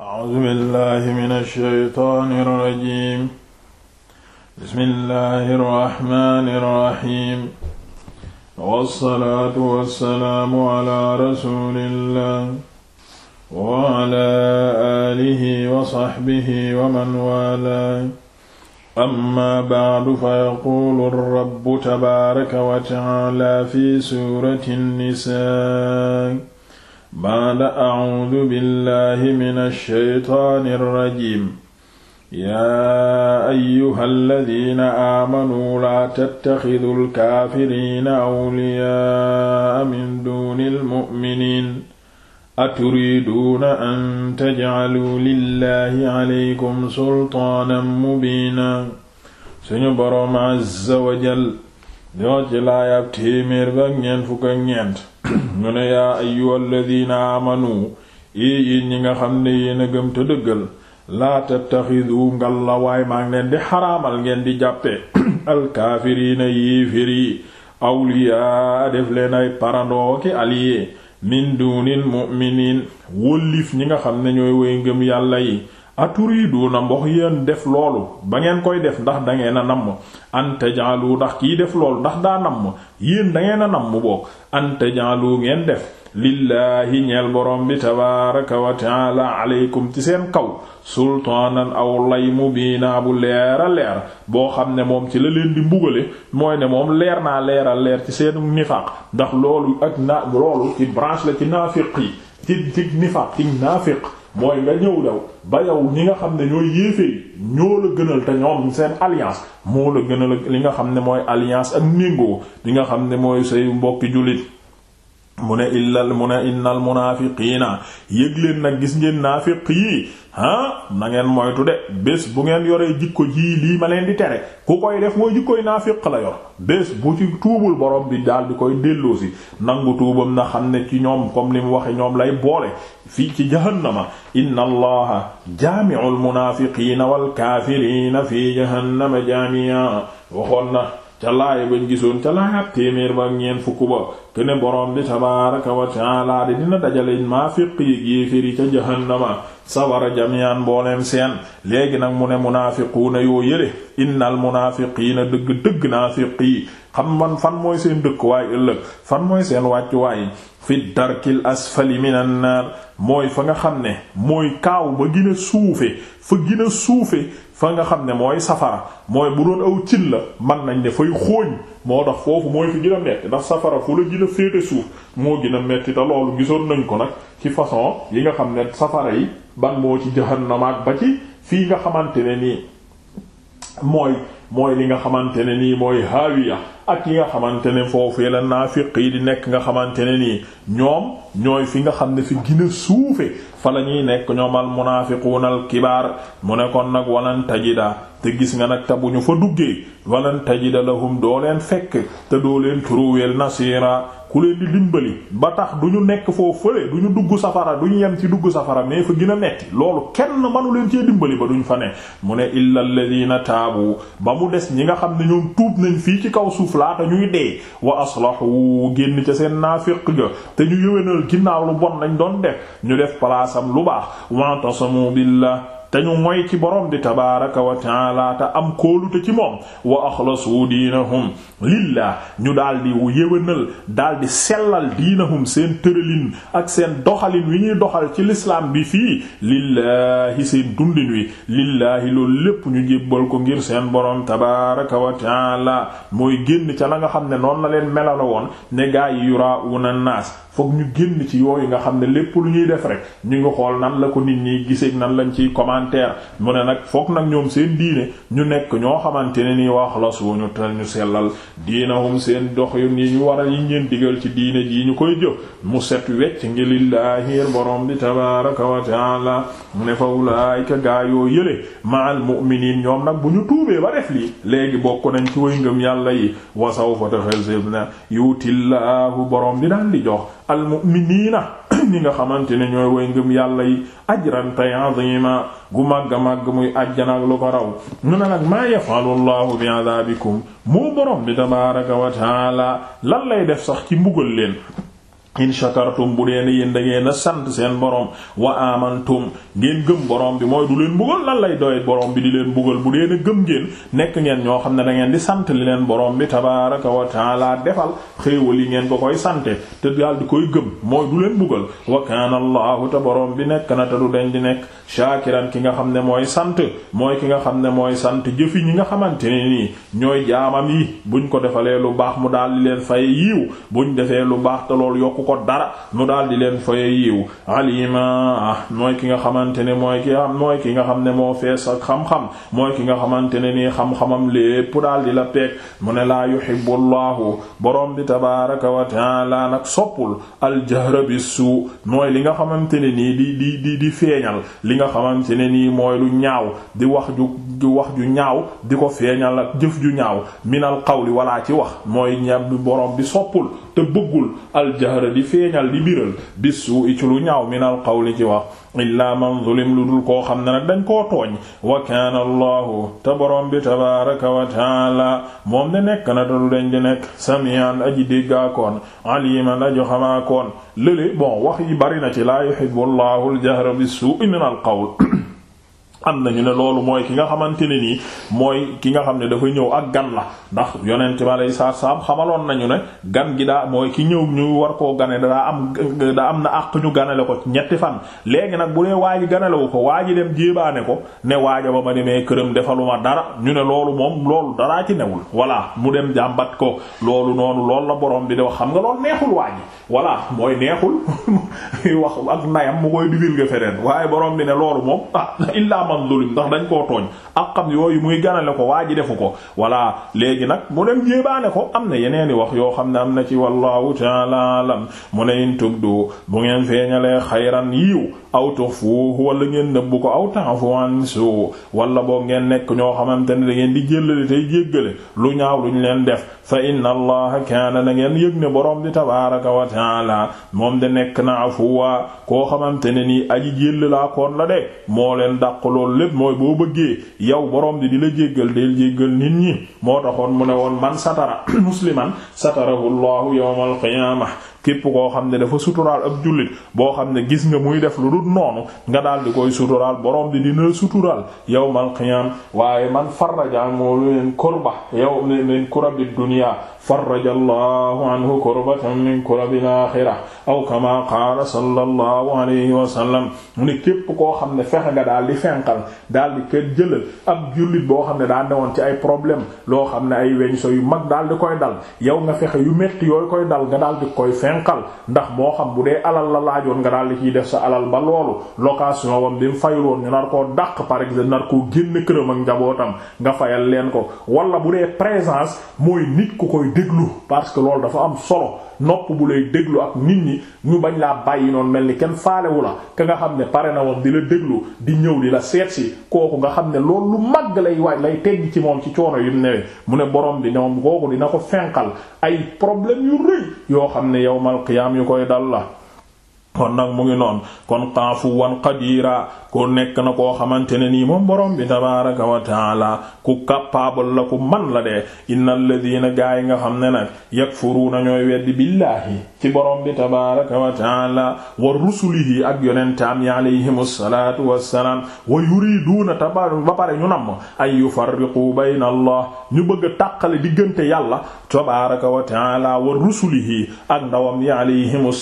أعوذ بالله من الشيطان الرجيم بسم الله الرحمن الرحيم والصلاة والسلام على رسول الله وعلى آله وصحبه ومن والاه أما بعد فيقول الرب تبارك وتعالى في سورة النساء baada acuudu billahi min alsheytaani alrajim yaa ayuha alladina aamanuu laa tattaxidu alkaafiriina awliyaa min duuni almu'miniin aturiiduuna an tajcaluu lillahi calaykum sultaanan mubiina suñu boroom azza wajal doo ci laayab téeméer ba ak ñeent fukk ak ñeent ñu ne yaa ayyuha alladina amanu i ñi nga xam ne yéen a gëm te dëggal laa tattaxidu ngal la waaye maa ngi leen di xaramal ngeen di jàppe alkaafiriina yéefér yi awliyaa def leen ay parandoo ki alliés min mu'miniin wóllif ñi nga xam ne ñooy woy ngëm yàlla yi aturiduuna mbox yéen def loolu ba ngeen koy def ndax da ngeen a namm an tajaalu ndax kii def loolu ndax daa namm yéen da ngeen a namm boog ante tajaalu ngeen def lillaahi ñeel borom bi tabaaraka wa taala aleykum ci seen kaw sultaanan aw lay mubiina bu leer a leer boo xam ne moom ci la leen di mbugale mooy ne moom leer naa leer a leer ci seenu nifaaq ndax loolu ak na loolu ci branche la ci naafiq yi ci ci nifaaq ci naafiq mooy nga ñëw daw ba yow ñi nga xam ne ñooy yéefee ñoo la gënal te ñoom seen alliance moo la a li nga xam ne mooy alliance ak néngoo li nga xam ne mooy say mbokki jullit mu ne illal mu ne innal munaafiqiina yëg nag gis ngeen naafiq yi ah na ngeen moytu de bés bu ngeen yoree jikko jii lii ma leen di tere ku koy def mooy jikkoy naafiq la yor bés bu ci tuubul borom bi daal di koy delloosi nangu tuubam na xam ne ci ñoom comme li mu waxe ñoom lay boole fii ci jahannama inna allaha jaami'ul munaafiqiina wal kaafiriina fii jahannama jaami'a waxoon na ca laaya bañ gisoon ca laaya téeméer ba ñeent fukk ba kene borom bi tabaaraka wa taala de dina dajale naafiq yi ca jahannama sawara jamian mbooleem seen léegi nag mu ne munaafiquuna yoo yële innal munaafiqiina dëgg dëgg naafiq yi xam man fan mooy seen dëkkuwaay ëllëg fan mooy seen wàccuwaay fi darkil asfali minan naar mooy fa nga xam ne mooy kaaw ba gën suufe fa gën a suufe fa nga xam ne mooy safara mooy bu doon aw cin la man nañ ne fay xooñ moo tax foofu mooy fi gën metti ndax safara fu la gën féete suuf moo gën a metti te loolu gisoon nañ ko nag ci façon yi nga xam ne safara yi ban moo ci jahannam ba ci fii nga xamante ne nii mooy mooy li nga xamante ne nii mooy haawiya ak yi nga xamante ne foofee la naafiq yi di nekk nga xamante ne nii ñoom ñooy fi nga xam ne fi gën a suufe fa la nekk ñoomal al munaafiquuna al kibaar mu ne kon nag walan tajida te gis nga nag te bu ñu fa duggee walan tajida lahum doo leen fekk te doo leen trouver nasira ku leen di dimbali ba tax du ñu nekk foo fële du ñu dugg safara du ñu yem ci dugg safara mais fa gën a metti loolu kenn manu leen cee dimbali ba duñ fa ne mu ne illa alladhina taabu ba mu des ñi nga xam ne ñoom tuub nañ fii ci kaw suuf laata ñuy dee wa aslahu génn ca seen naafiq ga te ñu yëwénal ginnaaw lu bon lañ doon def ñu def palaasam lu baax wa'tasamu billah te ñu moy ci borom di tabaaraka wa taala te am kóolute ci moom wa axlasu diinahum lillah ñu daal di yéwénal daal di sellal diinahum seen tëralin ak seen doxalin wi ñuy doxal ci lislaam bi fii lillaahi seen dundin wi lillaahi loolu lépp ñu jébbal ko ngir seen borom tabaaraka wa taala mooy génn ca la nga xam ne noonu la leen melala woon ne gaa yi yuraawuna naas foog ñu génn ci yooyu nga xam ne lépp lu ñuy def rek ñu ngi xool nan la ko nit ñi gisee nan lañ ciy commande commentaire mu ne nag foog nag ñoom seen diine ñu nekk ñoo xamante ne nii wax la suñu tal ñu sellal diinahum seen dox yu yi ñu war a yi ngeen digal ci diine jii ñu koy jëf mu set wecc ngi lillaahir borom bi tabaraka wa taala mu ne fa ulaayika gaayoo yële ma'al mu'miniin ñoom nag bu ñu tuubee ba def lii léegi bokk nañ ci way ngëm yàlla yi wasawfa taxasib na yutillahu borom bi daal di jox al mu'miniina ñi nga xamante ne ñooy way ngëm yàlla yi ajran ta'zima gu màgg a màgg muy àjjana ak lu ko raw ñu ne nag maa yafalu llahu bi adabikum moo borom bi tabaraka wa taala lan lay def sax ci mbugal leen in shakartum bu deen yéen da ngeen a sant seen borom wa amantum ngeen gëm borom bi mooy du leen mbugal lan lay doy borom bi di leen mbugal bu deen a gëm ngeen nekk ngeen ñoo xam ne da ngeen di sant li leen borom bi tabaraka wa taala defal xéewal yi ngeen ko koy sante te daal di koy gëm mooy du leen mbugal wa te borom bi nekk na te du den di nekk shaakiran ki nga xam ne mooy sant mooy ki nga xam ne mooy sant jëfi ñi nga xamante ne nii ñooy jaamam yi buñ ko defalee lu baax mu daal di leen fay yiiw buñ defee lu baax te loolu yokk ko dara mu daal di leen foye yiw alima ah, mooy ki nga xamante ne mooy ki am mooy ki nga xam ne moo fees ak xam-xam mooy ki nga xamante ne nii xam-xamam lépp daal di la peeg mu ne laa yuhibbu llahu borom bi tabaraka wa taala nag soppul aljahra bisu mooy li nga xamante ne nii di di di di feeñal li nga xamante ne nii mooy lu ñaaw di wax ju wax ju ñaaw di ko feeñal ak jëf ju ñaaw minal qawli walaa ci wax mooy ñab borom bi soppul te bëggul aljahra di feeñal di bi bisu i ñaw lu ñaaw minal qawli ci wax illaa man zulim lu dul koo xam ne dañ ko tooñ wa kaana taborom te borom bi tabaraka wa taala moom de nekk na te du dañ di nekk samian aji déggaakoon aliman aji xamaakoon lële bon wax yi bari na ci laa yuhibbu allahu bi suu i minal am ñu ne loolu mooy ki nga xamante ne nii mooy ki nga xam ne dafa ñëw ak gan la ndax yonent ma lay saar saam xamaloon nañu ne gan gi daa mooy ki ñëw ñu war koo gane daa am daa am na àq ñu ganale ko ñetti fan léegi nag bu dee waa ganalewu ko waa ji dem jéebaane ko ne waaja ba ma demee këram defaluma dara ñu ne loolu moom loolu daraa ci newul voilà mu dem jàmbat ko loolu noonu loolu la boroom bi di wax xam nga loolu neexul waa ji voilà mooy neexul ak nayam mu koy digal waaye borom bi ne loolu ah, xamal lulim ndax dañ koo tooñ ak xam yooyu muy ganale ko waa ji defu ko voilà léegi nag mu dem jéebaane ko am na yeneeni wax yoo xam ne am na ci wallahu ta'ala alam mu ne in tubdu bu ngeen feeñalee xayran yiiw aw tuxfuhu wala ngeen nëbb ko aw ta'fu an su wala boo ngeen nekk ñoo xamante ne da ngeen di jéllale tey jéggale lu ñaaw luñ leen def fa inna allaha kaana na ngeen yëg ne borom di tabaraka wa taala moom de nekk na afuwa koo xamante ne nii aji jéll laa koon la de moo leen dàqulu loolu lépp mooy boo bëggee yow boroom di di la jéggal del jéggal nit ñi moo taxoon mu ne woon man satara musliman satarahu llahu yawmal képp koo xam ne dafa suturaal ab jullit boo xam ne gis nga muy def lu dul noonu nga daal di koy suturaal borom bi dina suturaal yawmal qiyaam waaye man farraja moo leen kurba yow min kurabi dunya farraja allahu anhu kurbatan min kurabil aaxira aw kama qaala sallallahu alayhi wa sallam mu ne képp koo xam ne fexe nga daal di fenqal daal di kër jëlal ab jullit boo xam ne daa newoon ci ay problème loo xam ne ay weñ so yu mag daal di koy dal yow nga fexe yu metti yooyu koy dal nga daal di koy fenqal fenqal ndax moo xam bu dee alal la laajoon nga daal li ciy def sa alal ba loolu location wam bi mu fayuloon ñu nar koo dàq par exemple nar koo génn këram ak njabootam nga fayal leen ko wala bu dee présence mooy nit ku koy déglu parce que loolu dafa am solo nopp bu lay déglu ak nit ñi ñu bañ laa bàyyi noonu mel ni kenn faalewu la ka nga xam ne pare na woon di la déglu di ñëw di la seetsi kooku nga xam ne loolu lu màgg lay waaj lay tegg ci moom ci coono yu mu newee mu ne borom bi ñoom kooku dina ko fenqal ay problème yu rëy yoo xam ne yawmal qiyaam yu koy dal la kon nag mu ngi noonu kon xaafuwan qadira ko nekk na koo xamante ne nii moom borom bi tabaraka wa taala ku capable la ku man la de innal ladina gaa yi nga xam ne nag yakfuruna ñooy weddi billaahi ci borom bi tabaraka wa taala wa rusulihi ak yonentaam yi alayhim salaatu wassalaam wa yuriduuna tabar ba pare ñu nam ay yufarriqu bayna allah ñu bëgg a tàqale diggante yàlla tabaraka wa taala wa rusulihi ak ndawam yi alayhim wa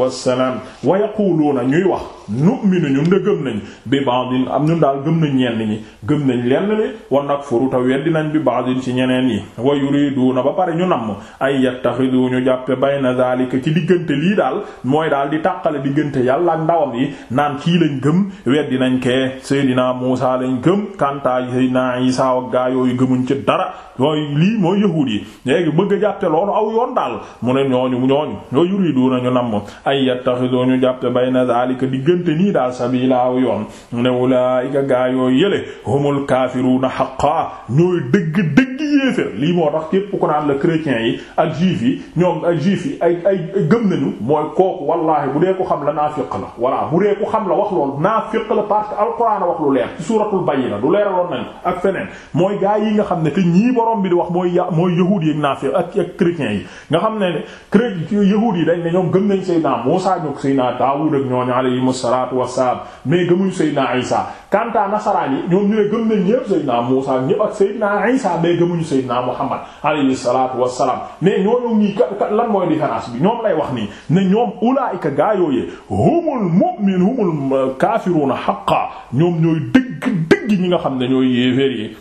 wassalaam wa yaquluuna ñuy wax nu'minu ñun de gëm nañ bi ba'din am ñun daal gëm nañ ñenn ñi gëm nañ lenn li wan nakfuru ta weddi nañ bi ba'din ci ñeneen yi wa yuriduna ba pare ñu namm ay yattaxidu ñu jàppe bayna zalika ci diggante lii daal mooy daal di tàqale diggante yàlla ak ndawam yi naan kii lañ gëm weddi nañ kee Seydina Muusa lañ gëm kantaa Seydina Isaa ak gaa yooyu gëmuñ ci dara mooy lii mooy yahuud yi léegi bëgg a jàppe loolu aw mu ne ñooñu ñooñu diggante nii daal sabiilaaw yoon mu ne wulaayika gaa yooyu yële humul kaafiruuna haqqan ñooy dëgg dëgg yéefér lii moo tax képp ku naan la chrétiens yi ak juif yi ñoom ak juif yi ay ay gëm nañu mooy kooku wallaahi bu dee ko xam la naafiq la voilà bu dee ko xam la wax lool naafiq la parce que alquran wax lu leer ci suuratul bayyina du leeraloon nañ ak feneen mooy gaa yi nga xam ne te ñii borom bi di wax mooy ya mooy yahuud yi ak naafiq ak ak chrétiens yi nga xam ne ne yahuud yi dañ ne ñoom gëm nañ Seydina Muusaa ñok Seydina Daawuud ak ñooñu alayhi salaatu wassalaam mais gëmuñu Seydina Isa kanta nasaraan yi ñoom ñu ne gëm nañ ñëpp Seydina Muusa ñëpp ak Seydina Isa mais gëmuñu Seydina Muhammad alayhi salaatu bi ñoom lay wax nii ne ñoom ulaa'ika gaa yooyee humul mu'minuun humul kaafiruuna haqqan ñoom ñooy dëgg dëgg ñi nga xam ne ñooy yi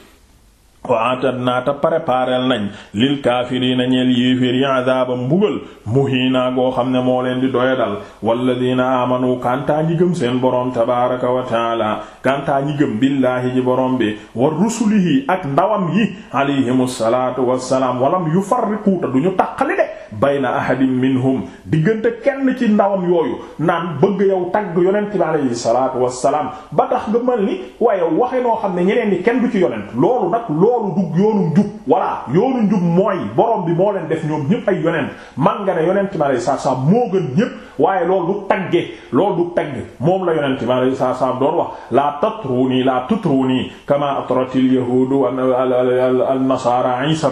waatat naata préparel nañ lil kaafiriina ñeel yéeféer yi adaaba mbugal muhiinaa goo xam ne moo leen di doya dal walladina amanu kantaa ñi gëm seen boroom tabaraka wa taala kantaa ñi gëm billaahi ci boroom bi wa rusulihi ak ndawam yi alayhimu salaatu wassalaam walam yufarriquuta duñu taqali de bayna ahadin minhum diggante kenn ci ndawam yooyu naan bëgg yow tagg yonent bi alayhi salaatu wassalaam ba tax nga mel ni waaye waxe noo xam ne ñeneen ni kenn du ci yonent loolu nag loolu dug yoonu njub voilà yoonu njub mooy borom bi moo leen def ñoom ñëpp ay yonent man nga ne yonent bi alayhi salaatu moo gën ñëpp waaye loolu du tagge loolu du tagg moom la yonent bi alayhi salaatu wassalaam doon wax la tatruni la tutruni kama atratil yahudu an al nasara isa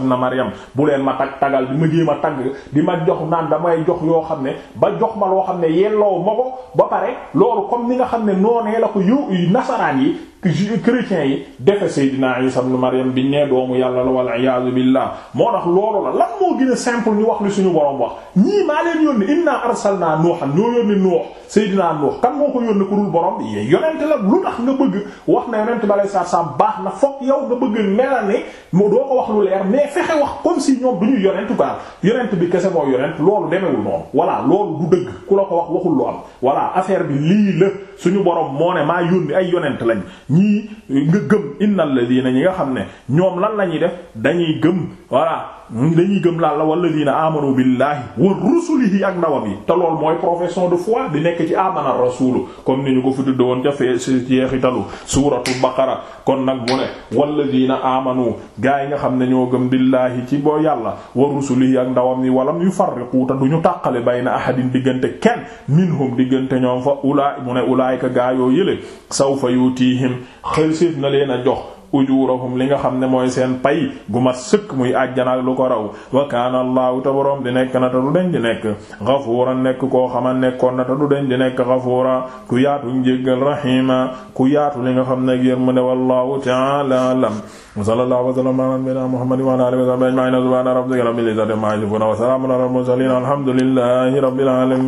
leen ma tag a tagg di ma jox naan damay jox yoo xam ne ba jox ma loo xam ne yelloo ma ko ba pare loolu comme ni nga xam ne noonee la ko yu nasaraan yi chrétiens yi defe Seydina Isa ibn Maryam biñ nee doomu yàlla la wal iyaazu billah moo tax loolu la lan moo gën a simple ñu wax li suñu borom wax ñii maa leen yónni inna arsalna Nuuhan ñoo yónni Nuux Seydina Nuux kan moo ko yónni ku dul borom bi yonent la lu tax nga bëgg wax na yonent balay sa sa baax na fokk yow nga bëgg mel ne mu doo ko wax lu leer mais fexe wax comme si ñoom duñu yonent baal yonent bi kese moo yonent loolu demewul noonu voilà loolu du dëgg ku la ko wax waxul lu am voilà affaire bi lii suñu borom moo ne maa ay yonent lañ ñii nga gëm innal ladina ñi nga xam ne ñoom lan la ñuy def dañuy gëm voilà dañuy gëm lalla walladina amanu billahi wa rusulihi ak ndawam yi te lool mooy profession de foi di nekk ci amana rasulu comme ni ñu ko fi tudde woon ca fee si jeexitalu suuratul baqara kon nag mu ne walladina amanu gaa yi nga xam ne ñoo gëm billaahi ci boo yàlla wa rusulihi ak ndawam yi walam yufarriqu te du ñu tàqale bayna ahadin diggante kenn minhum diggante ñoom fa ulaay mu ne ulaayka gaa yoo yële sawfa yutihim xëlséef na leen a jox ujurahum li nga xam ne mooy seen pay gu sëkk muy àjjanaak lu ko raw wa kaana allahu te boroom di nekk na te du deñ di nekk gafuura nekk koo xama nekkoon na te du deñ di nekk gafuura ku yaatu njéggal rahima ku yaatu li nga xam ne yërmande wallahu ta'ala a'lam wa sallallahu wa sallama ala nabiyyina muhammadin wa ala alihi wa sahbihi ajma'in subhana rabbika rabbil izzati amma yasifun wa salamun ala alhamdulillahi rabbil alamin